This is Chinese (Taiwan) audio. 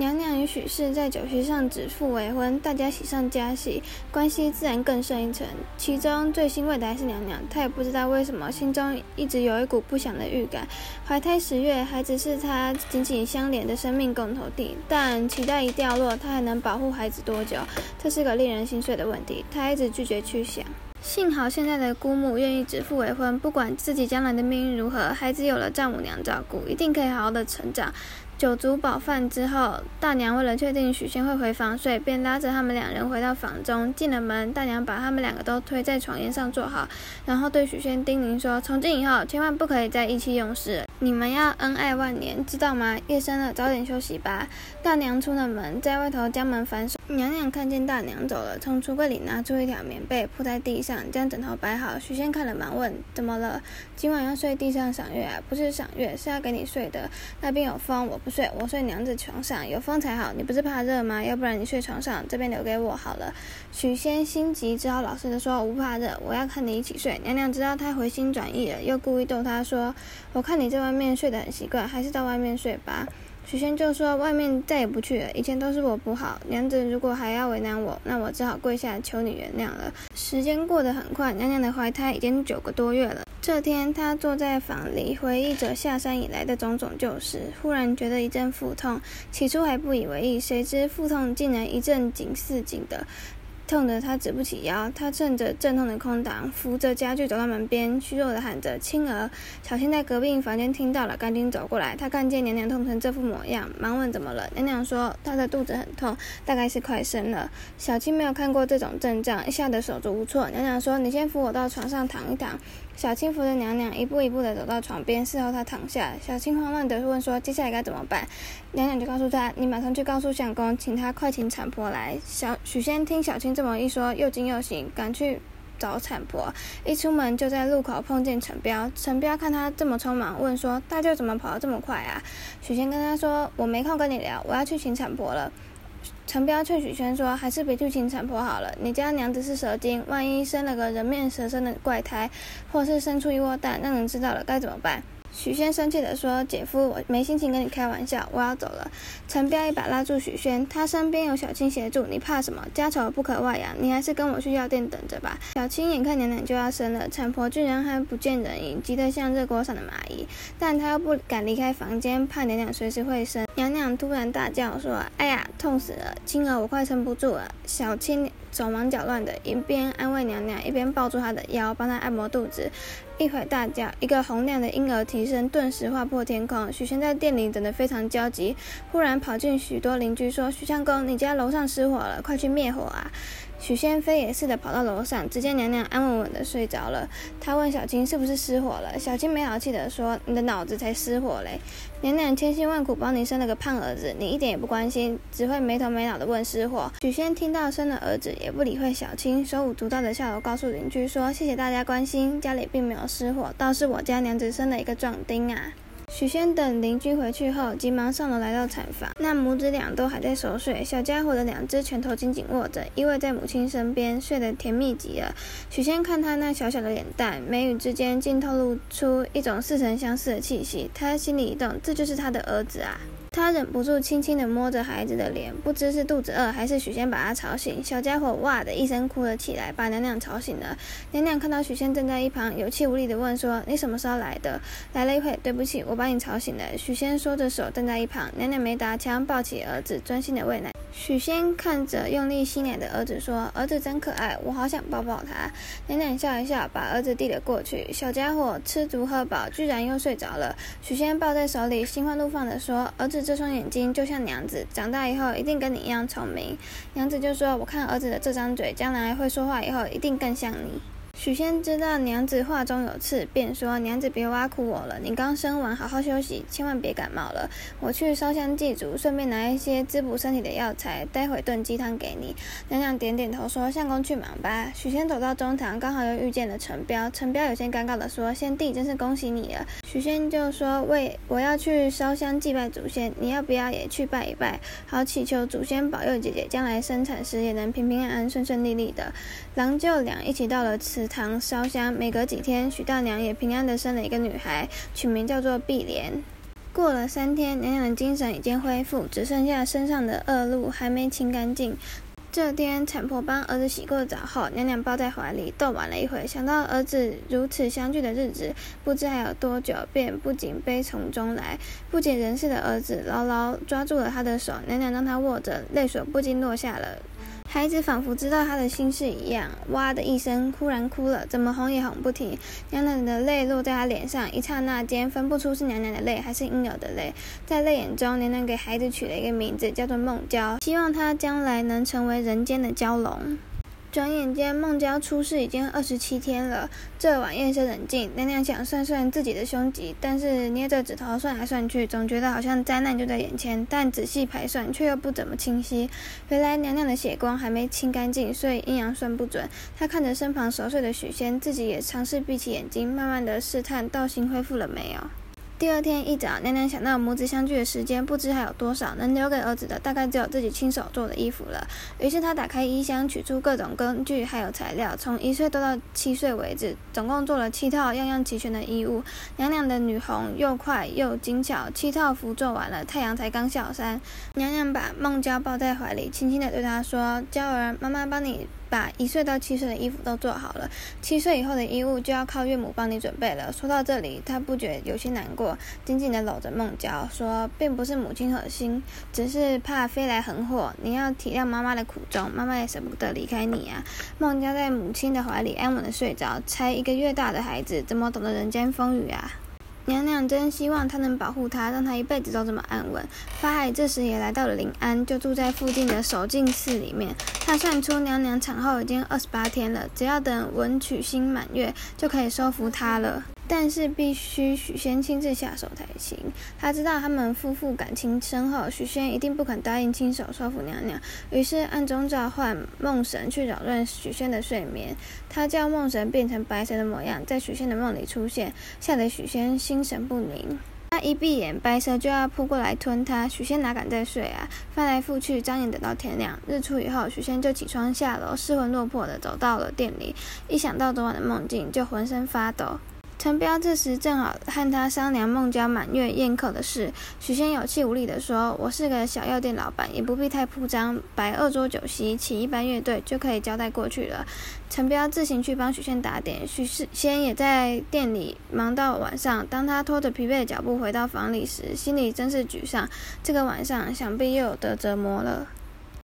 娘娘與許氏在酒席上指腹為婚，大家喜上加喜，關係自然更勝一層。其中最欣慰的還是娘娘，她也不知道為什麼，心中一直有一股不祥的預感。懷胎十月，孩子是她緊緊相連的生命共同體，但臍帶一掉落，她還能保護孩子多久？這是個令人心碎的問題。她一直拒絕去想。幸好現在的姑母願意指腹為婚，不管自己將來的命運如何，孩子有了丈母娘照顧，一定可以好好的成長。酒足飽飯之後，大娘為了確定許仙會回房睡，便拉着他們兩人回到房中。進了門，大娘把他們兩個都推在床沿上坐好，然後對許仙叮嚀說：“從今以後，千萬不可以再意氣用事，你們要恩愛萬年，知道嗎？”夜深了，早點休息吧。大娘出了門，在外頭將門反鎖。娘娘看見大娘走了，從櫥櫃裡拿出一條棉被鋪在地上，將枕頭擺好。許仙看了，忙問：“怎麼了？今晚要睡地上賞月啊？不是賞月，是要給你睡的。那邊有風，我不睡，我睡娘子床上，有風才好。你不是怕熱嗎？要不然你睡床上，這邊留給我好了。”許仙心急，只好老實的說：“我不怕熱，我要看你一起睡。”娘娘知道他回心轉意了，又故意逗他說：“我看你在外面睡得很習慣，還是到外面睡吧。”許仙就說：“外面再也不去了，以前都是我不好。娘子如果還要為難我，那我只好跪下求你原諒了。”時間過得很快，娘娘的懷胎已經九個多月了。這天，她坐在房裡回憶着下山以來的種種舊事，忽然覺得一陣腹痛。起初還不以為意，誰知腹痛竟然一陣緊似緊的。痛得她直不起腰，她趁着陣痛的空檔，扶着家具走到門邊，虛弱地喊着：“青兒！”小青在隔壁房間聽到了，趕緊走過來。他看見娘娘痛成這副模樣，忙問：“怎麼了？”娘娘說：“她的肚子很痛，大概是快生了。”小青沒有看過這種陣仗，一下子手足無措。娘娘說：“你先扶我到床上躺一躺。”小青扶着娘娘一步一步的走到床邊，伺候她躺下。小青慌亂的問說：“接下來該怎麼辦？”娘娘就告訴她：“你馬上去告訴相公，請他快請產婆來。小”小許仙聽小青這麼一說，又驚又喜，趕去找產婆。一出門就在路口碰見陳彪。陳彪看他這麼匆忙，問說：“大舅怎麼跑得這麼快啊？”許仙跟他說：“我沒空跟你聊，我要去請產婆了。”陳彪勸許宣說：“還是別去請產婆好了。你家娘子是蛇精，萬一生了個人面蛇身的怪胎，或是生出一窩蛋，讓人知道了該怎麼辦？”許仙生氣地說：“姐夫，我沒心情跟你開玩笑，我要走了。”陳彪一把拉住許仙，他身邊有小青協助，你怕什麼？家醜不可外揚，你還是跟我去藥店等着吧。小青眼看娘娘就要生了，產婆居然還不見人影，急得像熱鍋上的螞蟻，但她又不敢離開房間，怕娘娘隨時會生。娘娘突然大叫說：“哎呀，痛死了，青兒，我快撐不住了！”小青手忙腳亂的，一邊安慰娘娘，一邊抱住她的腰，幫她按摩肚子。一會兒大叫，一個洪亮的嬰兒啼聲頓時劃破天空。許仙在店裡等得非常焦急，忽然跑進許多鄰居說：“許相公，你家樓上失火了，快去滅火啊！”許仙飛也似的，跑到樓上，只見娘娘安穩穩的睡着了。他問小青是不是失火了，小青沒好氣的說：“你的腦子才失火嘞！”娘娘千辛萬苦幫你生了個胖兒子，你一點也不關心，只會沒頭沒腦的問失火。許仙聽到生了兒子，也不理會小青，手舞足蹈的下樓告訴鄰居說：“謝謝大家關心，家裡並沒有失火，倒是我家娘子生了一個壯丁啊！”許仙等鄰居回去後，急忙上樓來到產房。那母子倆都還在熟睡，小家伙的兩隻拳頭緊緊握着，依偎在母親身邊，睡得甜蜜極了。許仙看他那小小的臉蛋，眉宇之間竟透露出一種似曾相識的氣息。他心裡一動，這就是他的兒子啊！他忍不住輕輕地摸着孩子的臉，不知是肚子餓，還是許仙把他吵醒。小家伙哇的一聲哭了起來，把娘娘吵醒了。娘娘看到許仙站在一旁，有氣無力的問說：“你什麼時候來的？來了一會，對不起，我把你吵醒了。”許仙縮着手站在一旁，娘娘沒答腔，抱起兒子，專心的餵奶。許仙看着用力吸奶的兒子說：“兒子真可愛，我好想抱抱他。”娘娘笑一笑，把兒子遞了過去。小家伙吃足喝飽，居然又睡着了。許仙抱在手裡，心花怒放的說：“兒子。”這雙眼睛就像娘子，長大以後一定跟你一樣聰明。娘子就說：“我看兒子的這張嘴，將來會說話以後，一定更像你。”許仙知道娘子話中有刺，便說：“娘子別挖苦我了，你剛生完，好好休息，千萬別感冒了。我去燒香祭祖，順便拿一些滋補身體的藥材，待會燉雞湯給你。”娘娘點點頭說：“相公去忙吧。”許仙走到中堂，剛好又遇見了陳彪。陳彪有些尷尬地說：“仙弟，真是恭喜你了。”許仙就說：“喂，我要去燒香祭拜祖先，你要不要也去拜一拜？好，祈求祖先保佑姐姐將來生產時也能平平安安、順順利利的。”郎舅倆一起到了祠。堂燒香，每隔幾天，許大娘也平安地生了一個女孩，取名叫做碧蓮。過了三天，娘娘的精神已經恢復，只剩下身上的惡露還沒清乾淨。這天，產婆幫兒子洗過澡後，娘娘抱在懷裡逗玩了一會，想到兒子如此相聚的日子，不知還有多久，便不禁悲從中來。不省人事的兒子牢牢抓住了她的手，娘娘讓他握着，淚水不禁落下了。孩子仿佛知道他的心事一樣，哇的一聲，忽然哭了，怎麼哄也哄不停。娘娘的淚落在他臉上，一剎那間分不出是娘娘的淚還是嬰兒的淚。在淚眼中，娘娘給孩子取了一個名字，叫做夢蛟，希望他將來能成為人間的蛟龍。轉眼間，夢蛟出世已經二十七天了。這晚夜深人靜，娘娘想算算自己的凶吉，但是捏着指頭算來算去，總覺得好像災難就在眼前，但仔細排算卻又不怎麼清晰。原來娘娘的血光還沒清乾淨，所以陰陽算不準。她看着身旁熟睡的許仙，自己也嘗試閉起眼睛，慢慢地試探道心恢復了沒有。第二天一早，娘娘想到母子相聚的時間不知還有多少，能留給兒子的，大概只有自己親手做的衣服了。於是她打開衣箱，取出各種工具還有材料，從一歲多到七歲為止，總共做了七套樣樣齊全的衣物。娘娘的女紅又快又精巧，七套服做完了，太陽才剛下山。娘娘把夢蛟抱在懷裡，輕輕的對她說：“蛟兒，媽媽幫你。”把一歲到七歲的衣服都做好了，七歲以後的衣物就要靠嶽母幫你準備了。說到這裡，她不覺有些難過，緊緊地摟着夢蛟說：“並不是母親狠心，只是怕飛來橫禍。你要體諒媽媽的苦衷，媽媽也舍不得離開你啊。”夢蛟在母親的懷裡安穩地睡着，才一個月大的孩子，怎麼懂得人間風雨啊？娘娘真希望他能保護她，讓她一輩子都這麼安穩。法海這時也來到了臨安，就住在附近的守靜寺裡面。他算出娘娘產後已經二十八天了，只要等文曲星滿月，就可以收服她了。但是必須許仙親自下手才行。他知道他們夫婦感情深厚，許仙一定不肯答應親手收服娘娘，於是暗中召喚夢神去擾亂許仙的睡眠。他叫夢神變成白蛇的模樣，在許仙的夢裡出現，嚇得許仙心神不寧。他一閉眼，白蛇就要撲過來吞他。許仙哪敢再睡啊？翻來覆去，張眼等到天亮。日出以後，許仙就起床下樓，失魂落魄地走到了店裡。一想到昨晚的夢境，就渾身發抖。陳彪這時正好和他商量夢蛟滿月宴客的事。許仙有氣無力地說：“我是個小藥店老板，也不必太鋪張，擺二桌酒席，請一班樂隊，就可以交代過去了。”陳彪自行去幫許仙打點，許仙也在店裡忙到晚上。當他拖着疲憊的腳步回到房裡時，心裡真是沮喪。這個晚上，想必又有得折磨了。